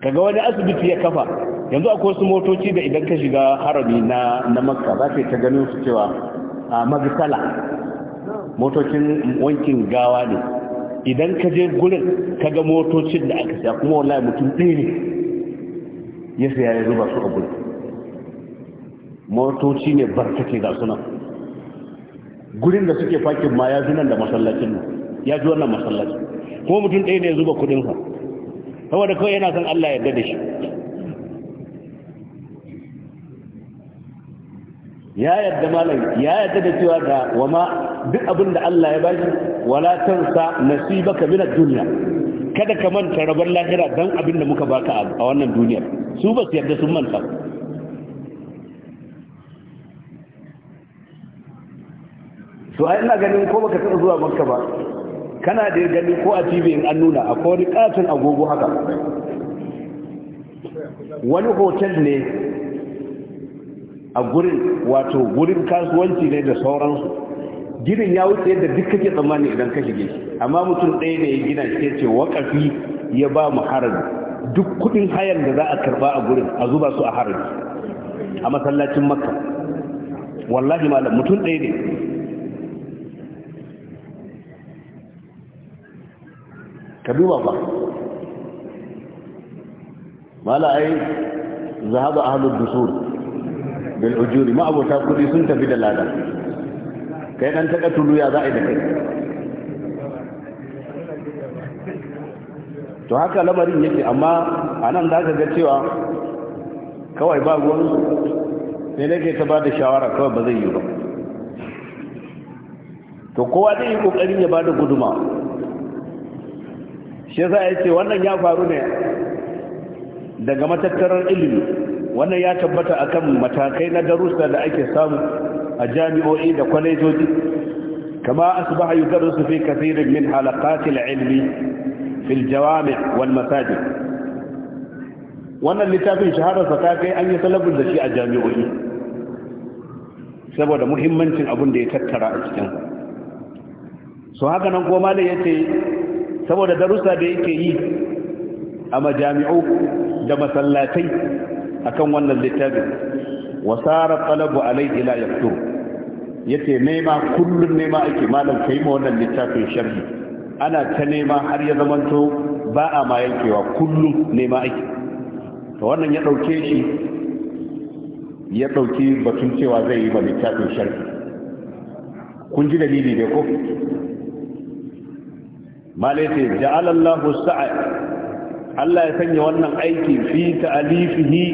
kaga wani asibiti ya kafa yanzu akwai wasu motoci da idan ka shiga harami na na makka za ka ta ganin su cewa a ah, magkala motocin wankin gawa ne idan ka je gurin ka ga motocin da aka siya kuma wallahi mutum ɗaya ne ya siya ya zuba su a gurin motoci ne barkace ga suna gurin da suke fakin ma ya nan da masallacin nan ya ji wannan masallacin kuma mutum ɗaya ne ya zuba kuɗinsa saboda kawai yana son Allah ya da shi ya yarda malam ya yarda da cewa da wama duk abin da Allah ya bashi wala tansa nasibaka min ad-dunya kada ka manta rabar lahira dan abin da muka baka a wannan duniyar su ba su yadda sun manta to ai ina ganin ko baka taɓa zuwa makka ba kana da gani ko a tv in an nuna akwai wani katin agogo haka wani hotel ne a gurin wato gurin kasuwanci ne da sauransu ginin ya wuce yadda duk kake tsammani idan ka shige shi amma mutum ɗaya ne ya gina shi ce waƙafi ya ba mu harabi duk kuɗin hayan da za a karba a gurin a zuba su a harabi a masallacin makka wallahi malam mutum ɗaya ne ka duba ba mala ai zahaba ahlud dusur bil ujuri ma abota kudi sun tafi da lada kai dan taka tulu ya za da kai to haka lamarin yake amma a nan ka ga cewa kawai ba ruwan sai nake ta bada shawara kawai ba zai yi ba to kowa zai yi kokari ya bada guduma shi yasa ya ce wannan ya faru ne daga matattarar ilimi wannan ya tabbata akan matakai na darussa da ake samu a jami'o'i da kwalejoji kama asbaha yudarrisu fi kathirin min halaqatil ilmi fil jawami' wal masajid wannan littafin shahararsa ta kai an yi salafin da shi a jami'o'i saboda muhimmancin abin da ya tattara a cikin So haka nan kuma da ya ce saboda darussa da yake yi a majami'u da masallatai akan wannan littafin wa sara talabu alai ila yaktur yace nema kullun nema ake malam kai ma wannan littafin sharhi ana ta nema har ya zamanto ba a ma yankewa kullum nema ake to wannan ya dauke shi ya dauki batun cewa zai yi ba littafin sharhi kun ji dalili ne ko malai ce ja'alallahu sa'a Allah ya sanya wannan aiki fi ta'alifihi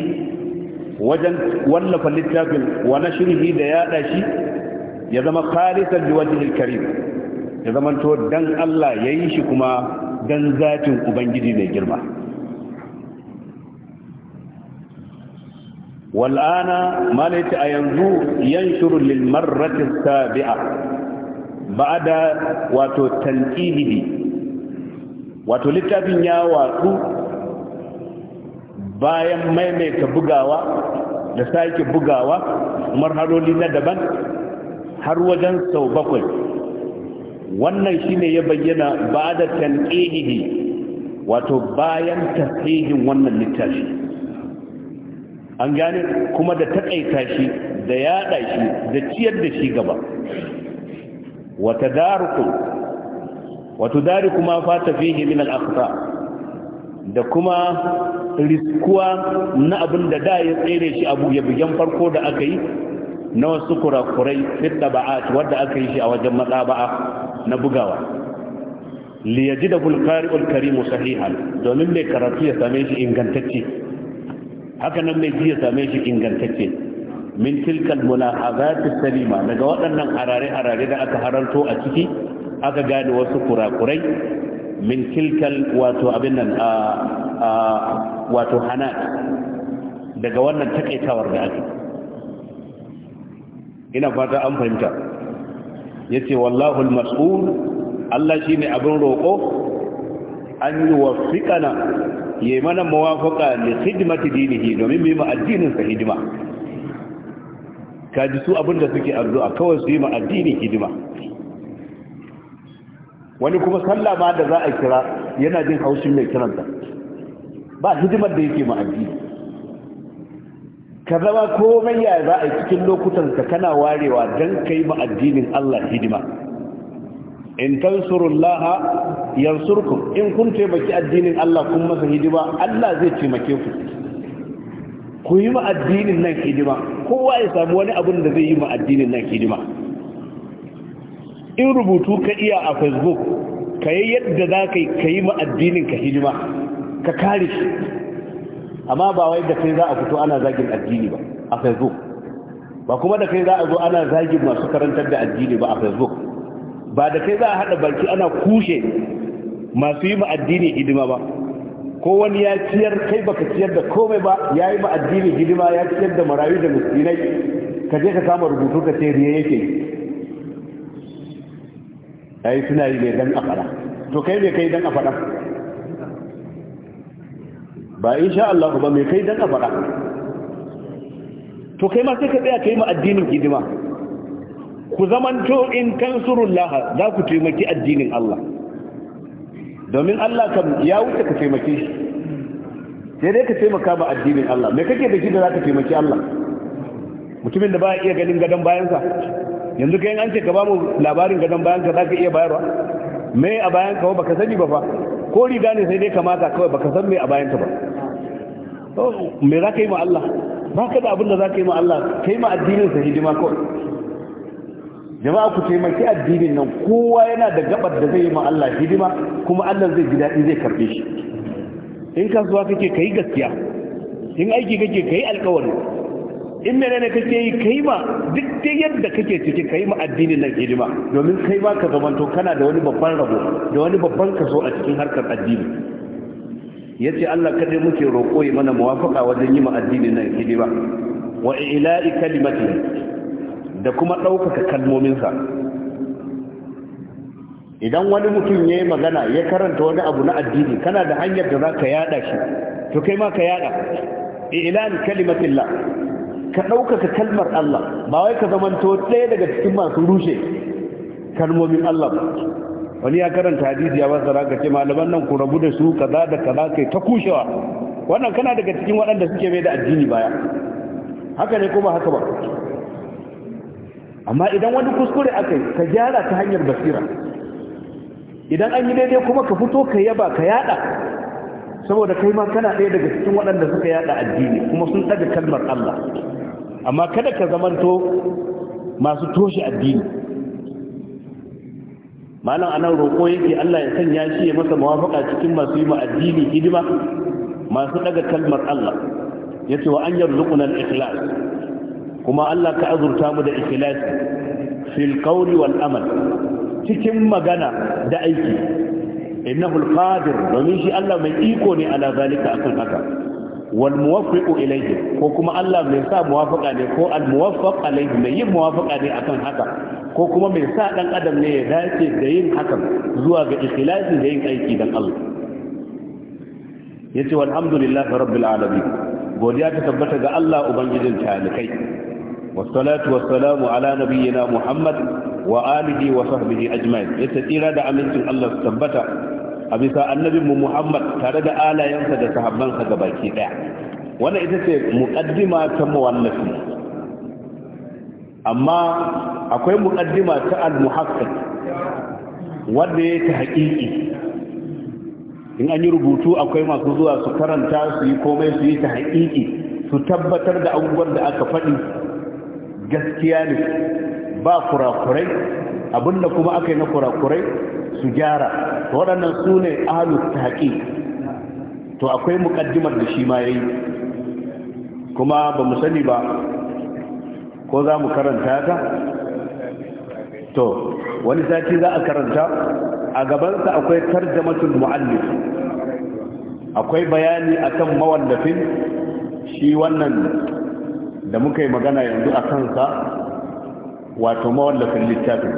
wajen wallafa littafin wa shirhi da yada shi ya zama khalisan liwajhil karim ya zama to dan Allah yayi shi kuma dan zatin ubangiji mai girma wal'ana malaita a yanzu yan shuru lilmarratin sabi'a ba'ada da wato tanƙihihi wato littafin ya watsu bayan maimaita bugawa da sake bugawa marhaloli na daban har wajen sau bakwai wannan shine ya bayyana ba da tanƙihihi wato bayan tasirin wannan littafi an gane kuma da taƙaita shi da yaɗa shi da ciyar da shi gaba wata darukun wato dari kuma fata fihi min al-aqsa da kuma riskuwa na abinda da ya tsere shi abu ya bugen farko da aka yi na wasu kurakurai fitta ba'a wadda aka yi shi a wajen matsaba'a na bugawa liyaji da bulkari ulkarimu sahihan domin mai karatu ya same shi ingantacce haka nan mai ji ya same shi ingantacce min tilkal mulahazati salima daga waɗannan harare-harare da aka haranto a ciki aka gane wasu kurakurai min kilkal wato abin nan wato daga wannan takaitawar da ake ina fata an fahimta ya ce wallahul mas'ul Allah shi ne abin roƙo an yi wa fiƙana ya mana mawafaka da hidimati dinihi domin mai ma addininsa hidima ji su abin da suke addu'a kawai su yi ma addini hidima wani kuma sallah ma da za a kira yana jin haushin mai kiranta ba hidimar da yake ma ka zama komai ya za a cikin lokutan ka kana warewa don kai ma addinin Allah hidima in tansurullaha yansurkum in kun taimaki addinin Allah kun masa hidima Allah zai taimake ku ku yi ma addinin nan hidima kowa ya samu wani abin da zai yi ma addinin nan hidima in rubutu ka iya a facebook ka yi yadda za ka yi ma'addinin ka hidima ka kare shi amma ba wai da kai za a fito ana zagin addini ba a facebook ba kuma da kai za a zo ana zagin masu karantar da addini ba a facebook ba da kai za a haɗa baki ana kushe masu yi ma'addini hidima ba ko wani ya ciyar kai baka ciyar da komai ba ya yi ma'addini hidima ya ciyar da marayu da miskinai ka je ka samu rubutu ka ce riye yake ai suna yi ne dan a fada to kai ne kai dan a fada ba insha Allah ba me kai dan a fada to kai ma sai ka tsaya kai ma addinin hidima ku zaman to in tansurullah za ku taimaki addinin Allah domin Allah kam ya wuce ka taimake shi sai dai ka taimaka ba addinin Allah me kake da shi da za ka taimaki Allah mutumin da ba iya ganin gadon bayansa yanzu kai an ce ka ba mu labarin gadon bayan ka zaka iya bayarwa me a bayan ka baka sani ba fa ko riga ne sai dai kamata kawai baka san me a bayan ka ba oh, me za ka yi ma Allah ba ka da abin da za ka yi ma Allah ka yi ma addinin sa hidima kawai jama'a ku taimaki addinin nan kowa yana da gabar da zai yi ma Allah hidima kuma Allah zai ji daɗi zai karɓe shi in kasuwa kake ka yi gaskiya in aiki kake ka yi in menene kake yi kai ma duk da yadda kake ciki kai ma addinin nan hidima domin kai ma ka to kana da wani babban rabo da wani babban kaso a cikin harkar addini yace Allah kadai muke roƙo yi mana muwafaka wajen yi ma addinin nan hidima wa ila'i kalimati da kuma ɗaukaka kalmominsa idan wani mutum ya yi magana ya karanta wani abu na addini kana da hanyar da za ka yada shi to kai ma ka yada ilani kalimatillah ka ɗaukaka kalmar Allah ba wai ka zamanto ɗaya daga cikin masu rushe kalmomin Allah ba wani ya karanta hadisi ya basara ka ce malaman nan ku rabu da su kaza da kaza kai ta kushewa wannan kana daga cikin waɗanda suke mai da addini baya haka ne kuma haka ba amma idan wani kuskure aka yi ka gyara ta hanyar basira idan an yi daidai kuma ka fito ka yaba ka yada saboda kai ma kana ɗaya daga cikin waɗanda suka yada addini kuma sun ɗaga kalmar Allah amma kada ka zamanto masu toshe addini malam anan roƙo yake Allah ya sanya shi ya masa mawafaka cikin masu yi addini hidima masu daga kalmar Allah ce wa an yarzuquna al-ikhlas kuma Allah ka azurta mu da ikhlas fil qawli wal amal cikin magana da aiki innahu al-qadir domin shi Allah mai iko ne ala zalika akan haka wal muwaffiqu ilayhi ko kuma Allah mai sa muwafaqa ne ko al muwaffaq alayhi mai yin muwafaqa ne akan haka ko kuma mai sa dan adam ne ya dace da yin hakan zuwa ga ikhlasi da yin aiki dan Allah yace walhamdulillahi rabbil alamin godiya ta tabbata ga Allah ubangijin talikai والصلاة والسلام على نبينا محمد Ya وصحبه tsira da هذا Allah الله tabbata. a bisa annabin mu Muhammad tare da alayensa da sahabbansa baki daya wannan ita ce muqaddima ta muwannafi. amma akwai muqaddima ta al-muhaqqiq wanda yake haqiqi in an yi rubutu akwai masu zuwa su karanta su yi komai su yi ta haƙiƙi su tabbatar da abubuwan da aka faɗi gaskiya ne ba kurakurai abinda kuma aka yi na kurakurai su gyara waɗannan su ne ahalus ta to akwai muƙaddimar da shi ma ya yi kuma ba mu sani ba ko za mu karanta ta to wani sati za a karanta a gabansa akwai tarjamatul mu'allif akwai bayani akan mawallafin shi wannan da muka yi magana yanzu a kansa wato mawallafin littafin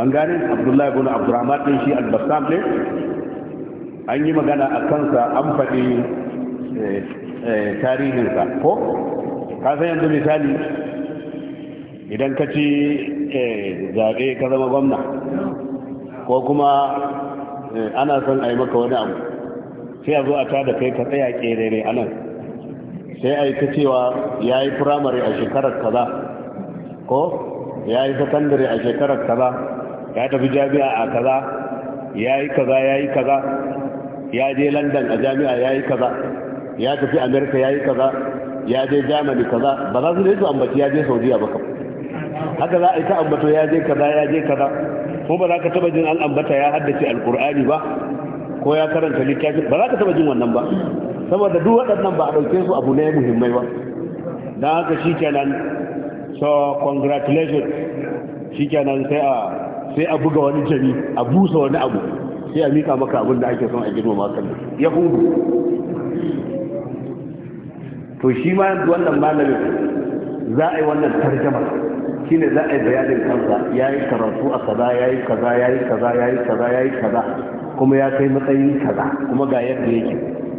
an gane abdullahi bin abdurrahman din shi albassam ne an yi magana a kansa an faɗi eh, eh, tarihinsa ko ka san yanzu misali idan ka ci eh, zaɓe ka zama gwamna ko kuma ana son a yi maka wani abu sai a zo a tada kai ka tsaya ƙerere anan sai a yi ta cewa ya yi firamare a shekarar kaza ko ya yi sakandare a shekarar kaza ya tafi jami'a a kaza ya yi kaza ya yi kaza ya je london a jami'a ya yi kaza ya tafi amerika ya yi kaza ya je germany kaza ba za su ne su ambaci ya je saudiya ba kam haka za a yi ta ambato ya je kaza ya je kaza ko ba za ka taba jin an ambata ya haddace alkur'ani ba ko ya karanta littafi ba za ka taba jin wannan ba saboda duk waɗannan ba a ɗauke su abu ne muhimmai ba don haka shi kenan so congratulations shikenan sai a sai a buga wani jami a busa wani abu sai a mika maka abin da ake son a girmama kan yahudu to shi ma wannan malamin za a yi wannan tarjama shi ne za a yi bayanin kansa ya yi karatu a kaza ya yi kaza ya yi kaza ya yi kaza ya yi kaza kuma ya kai matsayin kaza kuma ga yadda yake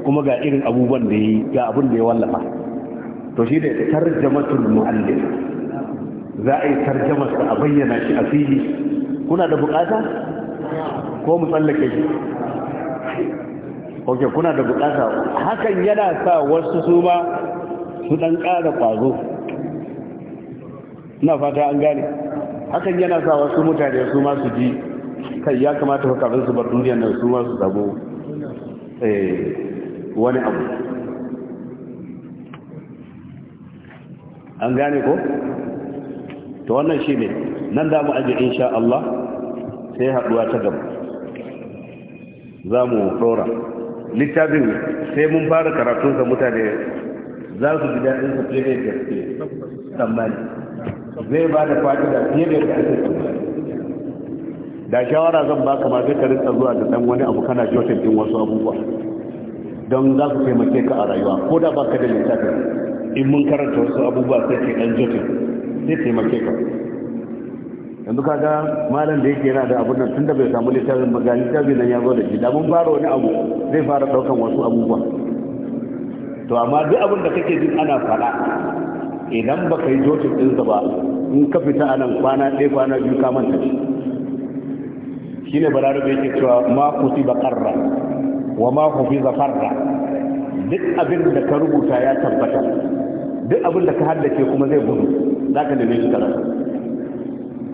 kuma ga irin abubuwan da ya yi ga abin da ya wallafa to shi ne tarjamatul mu'allim za a yi tarjamar a bayyana shi a fili kuna da bukata ko mu tsallake shi ok kuna da bukata hakan yana sa wasu su ba su dan kada kwazo ina fata an gane hakan yana sa wasu mutane su ma su ji kai ya kamata fa kafin su bar duniyar nan su ma su eh wani abu an gane ko to wannan shi ne nan da mu aje insha Allah sai haduwa ta gaba za mu ɗora littafin sai mun fara karatun mutane za su ji daɗin su fiye da gaske tsammani zai ba da fadi da fiye da gaske tsammani da shawara zan ba kama zai ka rinsa zuwa da ɗan wani abu kana jotin ɗin wasu abubuwa don za su taimake ka a rayuwa ko da ba ka da littafin in mun karanta wasu abubuwa sai ke ɗan jotin zai taimake ka yanzu kaga malam da yake yana da abun nan tunda bai samu littafin ba ga littafin nan ya zo da shi da mun fara wani abu zai fara daukan wasu abubuwa to amma duk abin da kake jin ana fada idan ba ka yi jotin ɗinsa ba in ka fita a nan kwana ɗaya kwana biyu ka manta shi shi ne balarabe yake cewa ma ku ba wa ma ku fi zafarra duk abin da ka rubuta ya tabbata duk abin da ka haddace kuma zai gudu zaka da shi karatu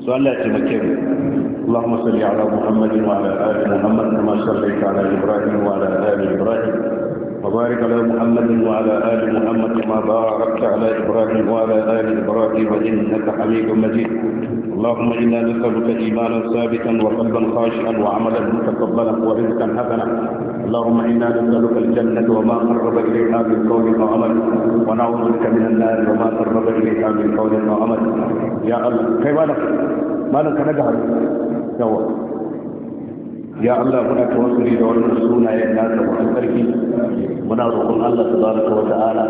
so Allah salli ala Muhammadin wa ala ali Muhammad kama sallaita ala Ibrahim wa Ibrahim وبارك على محمد وعلى آل محمد كما باركت على إبراهيم وعلى آل إبراهيم إنك حميد مجيد اللهم إنا نسألك إيمانا ثابتا وقلبا خاشعا وعملا متقبلا ورزقا حسنا اللهم إنا نسألك الجنة وما قرب إليها من قول وعمل ونعوذ بك من النار وما قرب إليها من قول وعمل يا الله كيف مالك مالك نجعل سوا ya Allah muna tawassuli da wannan sunayen nasa masu sarki muna roƙon Allah tabaraka wa ta'ala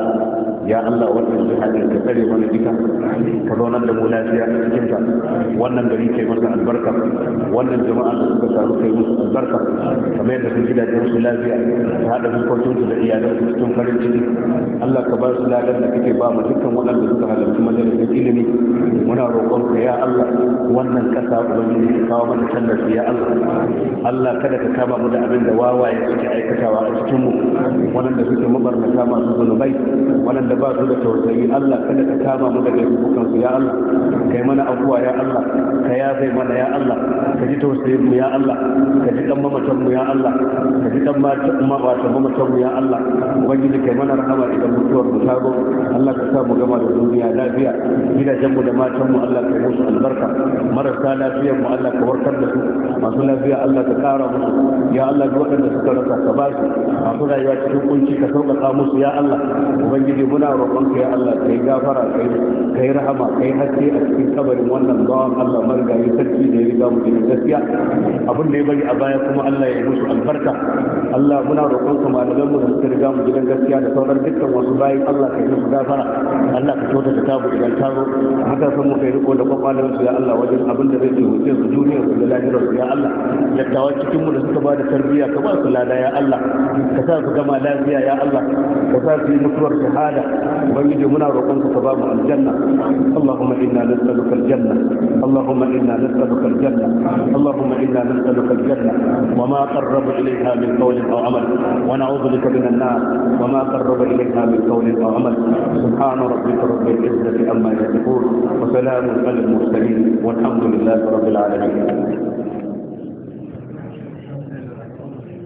ya Allah wannan jiha ne ka tsare mana duka ka zaunar da mu lafiya a cikin ta wannan gari kai masa albarka wannan jama'a da suka taru kai musu albarka kamar yadda sun gidajen su lafiya ka haɗa fuskokin su da iyalan su cikin farin ciki Allah ka ba su ladan da kake ba mu dukkan waɗanda suka halarci majalisar ilimi muna roƙon ka ya Allah wannan ƙasa ubangiji ka kawo mana tallafi ya Allah Allah kada ka kama mu da abin da wawaye suke aikatawa a cikinmu mu waɗanda suke mabarnata masu zunubai waɗanda ba su da tausayi Allah kada ka kama mu daga bukan su ya Allah kai mana abuwa ya Allah ka yafe mana ya Allah ka ji tausayin mu ya Allah ka ji dan mamatan mu ya Allah ka ji dan mamatan mu ya Allah ubangiji kai mana rahama idan mutuwar mu ta zo Allah ka sa mu gama da duniya lafiya gidajen mu da matan mu Allah ka yi musu albarka marasa lafiyar mu Allah ka warkar da su masu lafiya Allah ka ƙara musu ya Allah duk waɗanda suka rasa ka ba su masu rayuwa cikin kunci ka sauƙaƙa musu ya Allah ubangiji muna roƙon ka ya Allah kai gafara kai kai rahama kai haske a cikin kabarin wannan bawan Allah marigayi sarki da ya riga mu cikin gaskiya abin da ya bari a baya kuma Allah ya musu albarka Allah muna roƙon ka malaman mu da suka riga mu gidan gaskiya da sauran dukkan wasu bayan Allah ka yi musu gafara Allah ka kyauta ta tabu idan taro haka san mu kai riko da kwakwalan su ya Allah wajen abin da zai ce su duniyar su da lafiyar su ya Allah dattawa cikin mu da suka ba da tarbiyya ka ba su lada ya Allah ka sa su gama lafiya ya Allah ka sa su yi mutuwar shahada ubangiji muna roƙon ka ba mu aljanna Allahumma inna nas'aluka aljanna Allahumma inna nas'aluka aljanna Allahumma inna nas'aluka aljanna wa ma qarraba ilayha min qawlin aw amal wa na'udhu bika min an-nar wa ma qarraba ilayha min qawlin aw amal subhana rabbika rabbil izzati amma yasifun wa salamun alal mursalin والحمد لله رب العالمين